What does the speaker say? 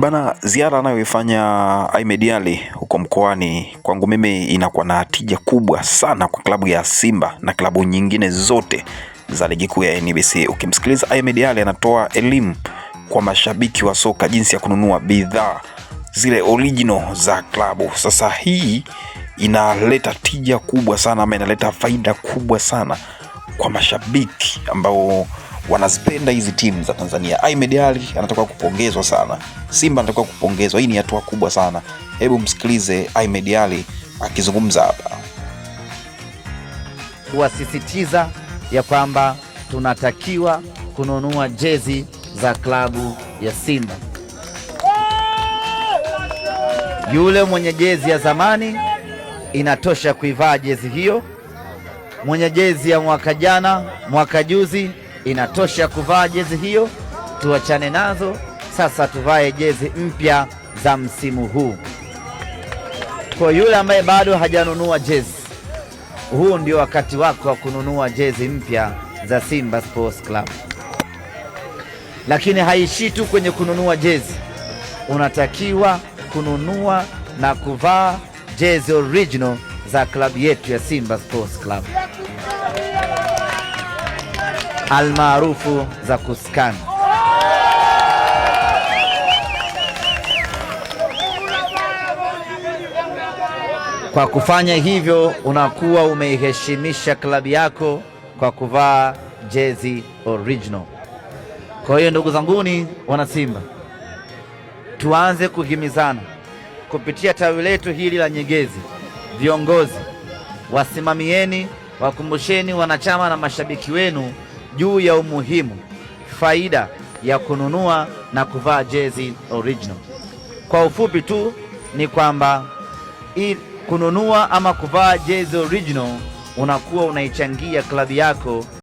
Bana, ziara anayoifanya Ahmed Ally huko mkoani kwangu mimi inakuwa na tija kubwa sana kwa klabu ya Simba na klabu nyingine zote za ligi kuu ya NBC. Ukimsikiliza Ahmed Ally anatoa elimu kwa mashabiki wa soka jinsi ya kununua bidhaa zile original za klabu. Sasa hii inaleta tija kubwa sana ama inaleta faida kubwa sana kwa mashabiki ambao wanazipenda hizi timu za Tanzania. Ahmed Ali anatakiwa kupongezwa sana, Simba anatakiwa kupongezwa. Hii ni hatua kubwa sana. Hebu msikilize Ahmed Ali akizungumza hapa. kuwasisitiza ya kwamba tunatakiwa kununua jezi za klabu ya Simba. Yule mwenye jezi ya zamani inatosha kuivaa jezi hiyo, mwenye jezi ya mwaka jana, mwaka juzi inatosha kuvaa jezi hiyo, tuachane nazo sasa, tuvae jezi mpya za msimu huu. Kwa yule ambaye bado hajanunua jezi, huu ndio wakati wako wa kununua jezi mpya za Simba Sports Club. Lakini haishii tu kwenye kununua jezi, unatakiwa kununua na kuvaa jezi original za klabu yetu ya Simba Sports Club almaarufu za kuskan. Kwa kufanya hivyo, unakuwa umeiheshimisha klabu yako kwa kuvaa jezi original. Kwa hiyo ndugu zanguni wana Simba, tuanze kuhimizana kupitia tawi letu hili la Nyegezi. Viongozi, wasimamieni, wakumbusheni wanachama na mashabiki wenu juu ya umuhimu, faida ya kununua na kuvaa jezi original. Kwa ufupi tu ni kwamba kununua ama kuvaa jezi original unakuwa unaichangia klabu yako.